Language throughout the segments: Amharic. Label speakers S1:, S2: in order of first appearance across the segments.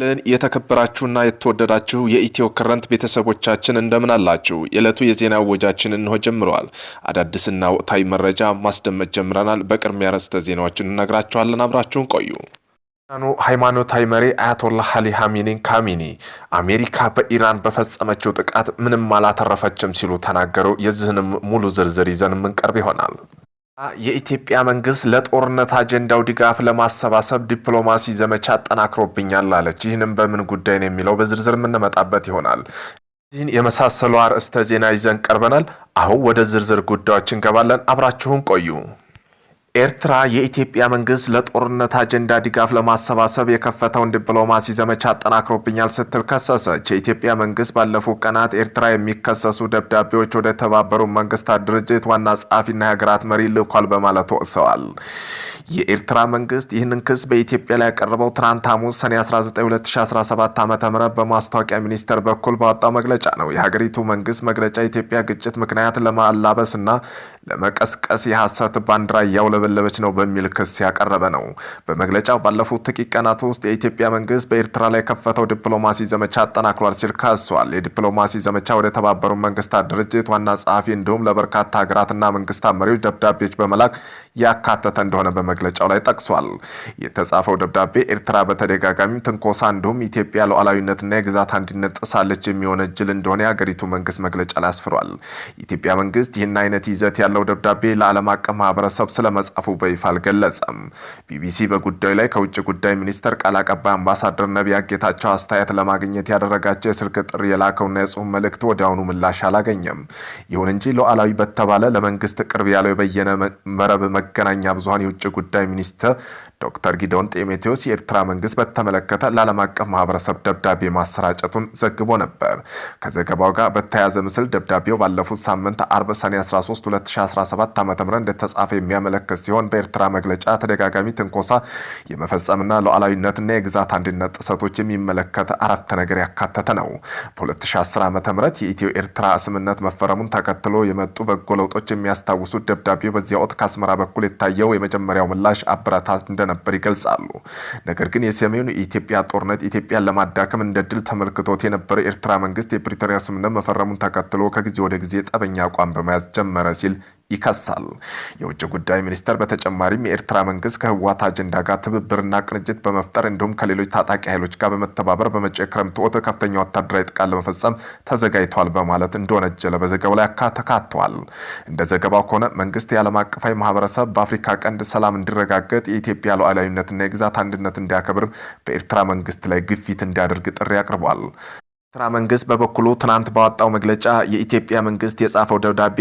S1: ልን የተከበራችሁና የተወደዳችሁ የኢትዮ ክረንት ቤተሰቦቻችን እንደምን አላችሁ? የዕለቱ የዜና ወጃችን እንሆ ጀምረዋል። አዳዲስና ወቅታዊ መረጃ ማስደመጥ ጀምረናል። በቅድሚያ ርዕሰ ዜናዎችን እነግራችኋለን። አብራችሁን ቆዩ።
S2: ኢራኑ ሃይማኖታዊ መሪ አያቶላ አሊ ሀሚኒን ካሚኒ አሜሪካ በኢራን በፈጸመችው ጥቃት ምንም አላተረፈችም ሲሉ ተናገሩ። የዚህንም ሙሉ ዝርዝር ይዘን የምንቀርብ ይሆናል። የኢትዮጵያ መንግስት ለጦርነት አጀንዳው ድጋፍ ለማሰባሰብ ዲፕሎማሲ ዘመቻ አጠናክሮብኛል አለች። ይህንም በምን ጉዳይ ነው የሚለው በዝርዝር የምንመጣበት ይሆናል። ይህን የመሳሰሉ አርዕስተ ዜና ይዘን ቀርበናል። አሁን ወደ ዝርዝር ጉዳዮች እንገባለን። አብራችሁን ቆዩ። ኤርትራ የኢትዮጵያ መንግስት ለጦርነት አጀንዳ ድጋፍ ለማሰባሰብ የከፈተውን ዲፕሎማሲ ዘመቻ አጠናክሮብኛል ስትል ከሰሰች። የኢትዮጵያ መንግስት ባለፉት ቀናት ኤርትራ የሚከሰሱ ደብዳቤዎች ወደ ተባበሩት መንግስታት ድርጅት ዋና ጸሐፊና የሀገራት መሪ ልኳል በማለት ወቅሰዋል። የኤርትራ መንግስት ይህንን ክስ በኢትዮጵያ ላይ ያቀረበው ትናንት ሐሙስ ሰኔ 19 2017 ዓ ም በማስታወቂያ ሚኒስቴር በኩል ባወጣው መግለጫ ነው። የሀገሪቱ መንግስት መግለጫ የኢትዮጵያ ግጭት ምክንያት ለማላበስና ለመቀስቀስ የሐሰት ባንዲራ እያውለበለበች ነው በሚል ክስ ያቀረበ ነው። በመግለጫው ባለፉት ጥቂት ቀናት ውስጥ የኢትዮጵያ መንግስት በኤርትራ ላይ የከፈተው ዲፕሎማሲ ዘመቻ አጠናክሯል ሲል ከሷል። የዲፕሎማሲ ዘመቻ ወደ ተባበሩ መንግስታት ድርጅት ዋና ጸሐፊ እንዲሁም ለበርካታ ሀገራትና መንግስታት መሪዎች ደብዳቤዎች በመላክ ያካተተ እንደሆነ በመግለ መግለጫው ላይ ጠቅሷል። የተጻፈው ደብዳቤ ኤርትራ በተደጋጋሚ ትንኮሳ እንዲሁም ኢትዮጵያ ሉዓላዊነትና የግዛት አንድነት ጥሳለች የሚሆነ እጅል እንደሆነ የአገሪቱ መንግስት መግለጫ ላይ አስፍሯል። የኢትዮጵያ መንግስት ይህን አይነት ይዘት ያለው ደብዳቤ ለዓለም አቀፍ ማህበረሰብ ስለመጻፉ በይፋ አልገለጸም። ቢቢሲ በጉዳዩ ላይ ከውጭ ጉዳይ ሚኒስተር ቃል አቀባይ አምባሳደር ነቢያ ጌታቸው አስተያየት ለማግኘት ያደረጋቸው የስልክ ጥሪ የላከውና የጽሁፍ መልእክት ወዲያውኑ ምላሽ አላገኘም። ይሁን እንጂ ሉዓላዊ በተባለ ለመንግስት ቅርብ ያለው የበየነ መረብ መገናኛ ብዙሀን የውጭ ጉዳይ ጉዳይ ሚኒስትር ዶክተር ጊዶን ጢሞቴዎስ የኤርትራ መንግስት በተመለከተ ለዓለም አቀፍ ማህበረሰብ ደብዳቤ ማሰራጨቱን ዘግቦ ነበር። ከዘገባው ጋር በተያያዘ ምስል ደብዳቤው ባለፉት ሳምንት አርብ ሰኔ 13 2017 ዓ ም እንደተጻፈ የሚያመለክት ሲሆን በኤርትራ መግለጫ ተደጋጋሚ ትንኮሳ የመፈጸምና ሉዓላዊነትና የግዛት አንድነት ጥሰቶች የሚመለከት አረፍተ ነገር ያካተተ ነው። በ2010 ዓ ም የኢትዮ ኤርትራ ስምነት መፈረሙን ተከትሎ የመጡ በጎ ለውጦች የሚያስታውሱት ደብዳቤው በዚያ ወቅት ከአስመራ በኩል የታየው የመጀመሪያው ምላሽ አበረታች እንደነበር ይገልጻሉ። ነገር ግን የሰሜኑ የኢትዮጵያ ጦርነት ኢትዮጵያን ለማዳከም እንደ ድል ተመልክቶት የነበረው ኤርትራ መንግስት የፕሪቶሪያ ስምምነት መፈረሙን ተከትሎ ከጊዜ ወደ ጊዜ ጠበኛ አቋም በመያዝ ጀመረ ሲል ይከሳል። የውጭ ጉዳይ ሚኒስቴር በተጨማሪም የኤርትራ መንግስት ከህወሓት አጀንዳ ጋር ትብብርና ቅንጅት በመፍጠር እንዲሁም ከሌሎች ታጣቂ ኃይሎች ጋር በመተባበር በመጪው የክረምት ወቅት ከፍተኛ ወታደራዊ ጥቃት ለመፈጸም ተዘጋጅቷል በማለት እንደወነጀለ በዘገባው ላይ ተካተዋል። እንደ ዘገባው ከሆነ መንግስት የዓለም አቀፋዊ ማህበረሰብ በአፍሪካ ቀንድ ሰላም እንዲረጋገጥ የኢትዮጵያ ሉዓላዊነትና የግዛት አንድነት እንዲያከብርም በኤርትራ መንግስት ላይ ግፊት እንዲያደርግ ጥሪ አቅርቧል። ኤርትራ መንግስት በበኩሉ ትናንት ባወጣው መግለጫ የኢትዮጵያ መንግስት የጻፈው ደብዳቤ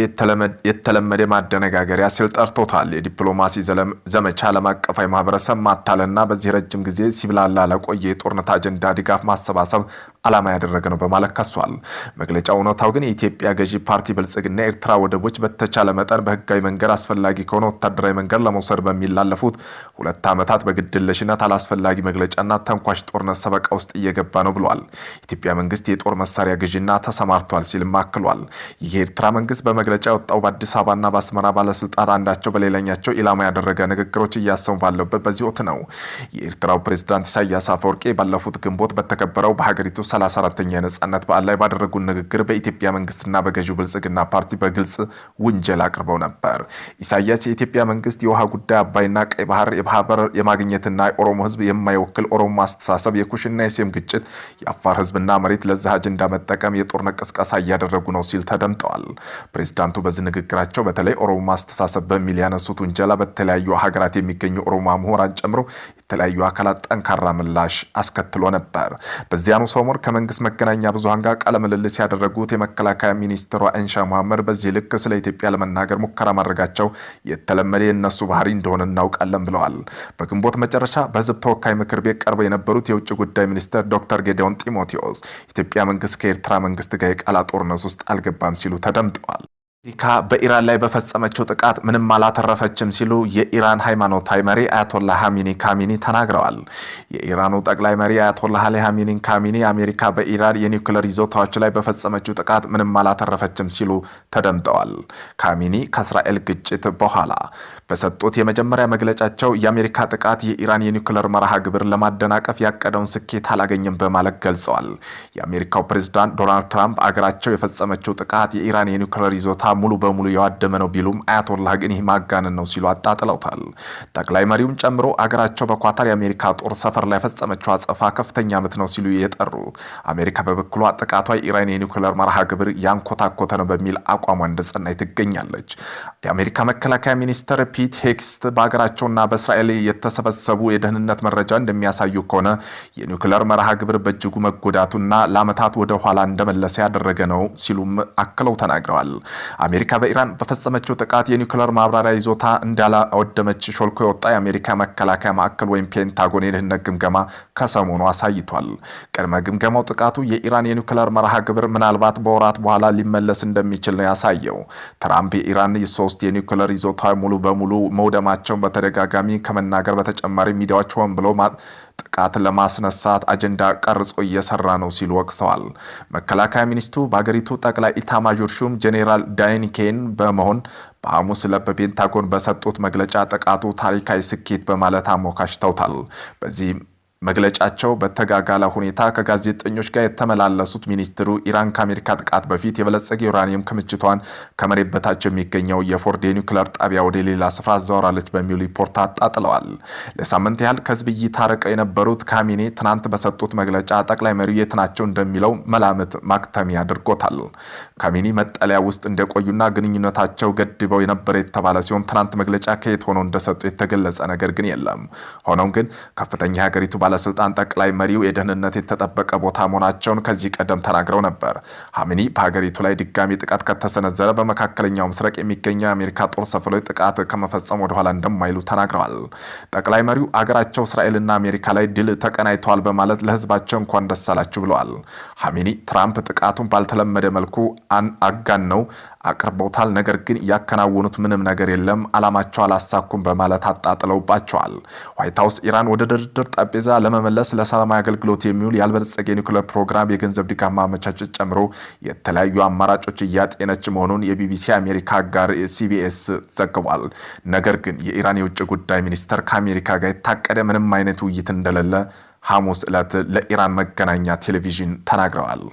S2: የተለመደ ማደነጋገሪያ ሲል ጠርቶታል። የዲፕሎማሲ ዘመቻ ዓለም አቀፋዊ ማህበረሰብ ማታለና በዚህ ረጅም ጊዜ ሲብላላ ለቆየ የጦርነት አጀንዳ ድጋፍ ማሰባሰብ ዓላማ ያደረገ ነው በማለት ከሷል። መግለጫው እውነታው ግን የኢትዮጵያ ገዢ ፓርቲ ብልጽግና ኤርትራ ወደቦች በተቻለ መጠን በህጋዊ መንገድ አስፈላጊ ከሆነ ወታደራዊ መንገድ ለመውሰድ በሚላለፉት ሁለት ዓመታት በግድለሽነት አላስፈላጊ መግለጫና ተንኳሽ ጦርነት ሰበቃ ውስጥ እየገባ ነው ብሏል። ኢትዮጵያ መንግስት መንግስት የጦር መሳሪያ ግዥና ተሰማርቷል ሲልም አክሏል። ይህ የኤርትራ መንግስት በመግለጫ የወጣው በአዲስ አበባና በአስመራ ባለስልጣን አንዳቸው በሌላኛቸው ኢላማ ያደረገ ንግግሮች እያሰሙ ባለበት በዚህ ወቅት ነው። የኤርትራው ፕሬዝዳንት ኢሳያስ አፈወርቄ ባለፉት ግንቦት በተከበረው በሀገሪቱ 34ተኛ የነጻነት በዓል ላይ ባደረጉት ንግግር በኢትዮጵያ መንግስትና በገዢው ብልጽግና ፓርቲ በግልጽ ውንጀል አቅርበው ነበር። ኢሳያስ የኢትዮጵያ መንግስት የውሃ ጉዳይ አባይና ቀይ ባህር የማህበር የማግኘትና የኦሮሞ ህዝብ የማይወክል ኦሮሞ አስተሳሰብ፣ የኩሽና የሴም ግጭት፣ የአፋር ህዝብና መሬት ለዚህ አጀንዳ መጠቀም የጦርነት ቅስቀሳ እያደረጉ ነው ሲል ተደምጠዋል። ፕሬዚዳንቱ በዚህ ንግግራቸው በተለይ ኦሮሞ አስተሳሰብ በሚል ያነሱት ውንጀላ በተለያዩ ሀገራት የሚገኙ ኦሮሞ ምሁራን ጨምሮ የተለያዩ አካላት ጠንካራ ምላሽ አስከትሎ ነበር። በዚያኑ ሰሞን ከመንግስት መገናኛ ብዙሀን ጋር ቃለ ምልልስ ያደረጉት የመከላከያ ሚኒስትሯ እንሻ መሐመድ በዚህ ልክ ስለ ኢትዮጵያ ለመናገር ሙከራ ማድረጋቸው የተለመደ የእነሱ ባህሪ እንደሆነ እናውቃለን ብለዋል። በግንቦት መጨረሻ በህዝብ ተወካይ ምክር ቤት ቀርበው የነበሩት የውጭ ጉዳይ ሚኒስትር ዶክተር ጌዲዮን ጢሞቴዎስ ኢትዮጵያ መንግስት ከኤርትራ መንግስት ጋር የቃላት ጦርነት ውስጥ አልገባም ሲሉ ተደምጠዋል።
S1: አሜሪካ በኢራን ላይ በፈጸመችው ጥቃት ምንም አላተረፈችም ሲሉ የኢራን ሃይማኖታዊ መሪ አያቶላ ሀሚኒ ካሚኒ ተናግረዋል። የኢራኑ ጠቅላይ መሪ አያቶላ አሊ ሀሚኒ ካሚኒ አሜሪካ በኢራን የኒውክለር ይዞታዎች ላይ በፈጸመችው ጥቃት ምንም አላተረፈችም ሲሉ ተደምጠዋል። ካሚኒ ከእስራኤል ግጭት በኋላ በሰጡት የመጀመሪያ መግለጫቸው የአሜሪካ ጥቃት የኢራን የኒውክለር መርሃ ግብር ለማደናቀፍ ያቀደውን ስኬት አላገኝም በማለት ገልጸዋል። የአሜሪካው ፕሬዝዳንት ዶናልድ ትራምፕ አገራቸው የፈጸመችው ጥቃት የኢራን የኒውክለር ይዞታ ሙሉ በሙሉ የዋደመ ነው ቢሉም አያቶላህ ግን ይህ ማጋነን ነው ሲሉ አጣጥለውታል። ጠቅላይ መሪውን ጨምሮ አገራቸው በኳታር የአሜሪካ ጦር ሰፈር ላይ ፈጸመችው አጸፋ ከፍተኛ ዓመት ነው ሲሉ የጠሩት አሜሪካ በበኩሏ ጥቃቷ ኢራን የኒውክለር መርሃ ግብር ያንኮታኮተ ነው በሚል አቋሟ እንደጸናይ ትገኛለች። የአሜሪካ መከላከያ ሚኒስትር ፒት ሄክስት በሀገራቸውና በእስራኤል የተሰበሰቡ የደህንነት መረጃ እንደሚያሳዩ ከሆነ የኒውክለር መርሃ ግብር በእጅጉ መጎዳቱና ለዓመታት ወደ ኋላ እንደመለሰ ያደረገ ነው ሲሉም አክለው ተናግረዋል። አሜሪካ በኢራን በፈጸመችው ጥቃት የኒውክለር ማብራሪያ ይዞታ እንዳላወደመች ሾልኮ የወጣ የአሜሪካ መከላከያ ማዕከል ወይም ፔንታጎን የደህንነት ግምገማ ከሰሞኑ አሳይቷል። ቅድመ ግምገማው ጥቃቱ የኢራን የኒውክለር መርሃ ግብር ምናልባት በወራት በኋላ ሊመለስ እንደሚችል ነው ያሳየው። ትራምፕ የኢራን ሶስት የኒውክለር ይዞታ ሙሉ በሙሉ መውደማቸውን በተደጋጋሚ ከመናገር በተጨማሪ ሚዲያዎች ሆን ብለው ጥቃት ለማስነሳት አጀንዳ ቀርጾ እየሰራ ነው ሲሉ ወቅሰዋል። መከላከያ ሚኒስትሩ በሀገሪቱ ጠቅላይ ኢታማዦር ሹም ጄኔራል ዳይኒኬን በመሆን በሐሙስ ዕለት በፔንታጎን በሰጡት መግለጫ ጥቃቱ ታሪካዊ ስኬት በማለት አሞካሽተውታል። በዚህ መግለጫቸው በተጋጋለ ሁኔታ ከጋዜጠኞች ጋር የተመላለሱት ሚኒስትሩ ኢራን ከአሜሪካ ጥቃት በፊት የበለጸገ ዩራኒየም ክምችቷን ከመሬት በታች የሚገኘው የፎርድ የኒውክለር ጣቢያ ወደ ሌላ ስፍራ አዘዋውራለች በሚሉ ሪፖርት አጣጥለዋል። ለሳምንት ያህል ከህዝብ እይታ ርቀው የነበሩት ካሚኔ ትናንት በሰጡት መግለጫ ጠቅላይ መሪው የት ናቸው እንደሚለው መላምት ማክተሚ አድርጎታል። ካሚኔ መጠለያ ውስጥ እንደቆዩና ግንኙነታቸው ገድበው የነበረ የተባለ ሲሆን ትናንት መግለጫ ከየት ሆነው እንደሰጡ የተገለጸ ነገር ግን የለም። ሆኖም ግን ከፍተኛ የሀገሪቱ ባለስልጣን ጠቅላይ መሪው የደህንነት የተጠበቀ ቦታ መሆናቸውን ከዚህ ቀደም ተናግረው ነበር። ሀሚኒ በሀገሪቱ ላይ ድጋሚ ጥቃት ከተሰነዘረ በመካከለኛው ምስራቅ የሚገኘው የአሜሪካ ጦር ሰፈሮች ጥቃት ከመፈጸም ወደኋላ እንደማይሉ ተናግረዋል። ጠቅላይ መሪው አገራቸው እስራኤልና አሜሪካ ላይ ድል ተቀናይተዋል በማለት ለህዝባቸው እንኳን ደስ አላችሁ ብለዋል። ሀሚኒ ትራምፕ ጥቃቱን ባልተለመደ መልኩ አጋን ነው አቅርበውታል። ነገር ግን ያከናወኑት ምንም ነገር የለም፣ አላማቸው አላሳኩም በማለት አጣጥለውባቸዋል። ዋይት ሀውስ ኢራን ወደ ድርድር ጠረጴዛ ለመመለስ ለሰላማዊ አገልግሎት የሚውል ያልበለጸገ የኒውክሌር ፕሮግራም የገንዘብ ድጋፍ ማመቻቸት ጨምሮ የተለያዩ አማራጮች እያጤነች መሆኑን የቢቢሲ አሜሪካ ጋር ሲቢኤስ ዘግቧል። ነገር ግን የኢራን የውጭ ጉዳይ ሚኒስተር ከአሜሪካ ጋር የታቀደ ምንም አይነት ውይይት እንደሌለ ሐሙስ ዕለት ለኢራን መገናኛ ቴሌቪዥን ተናግረዋል።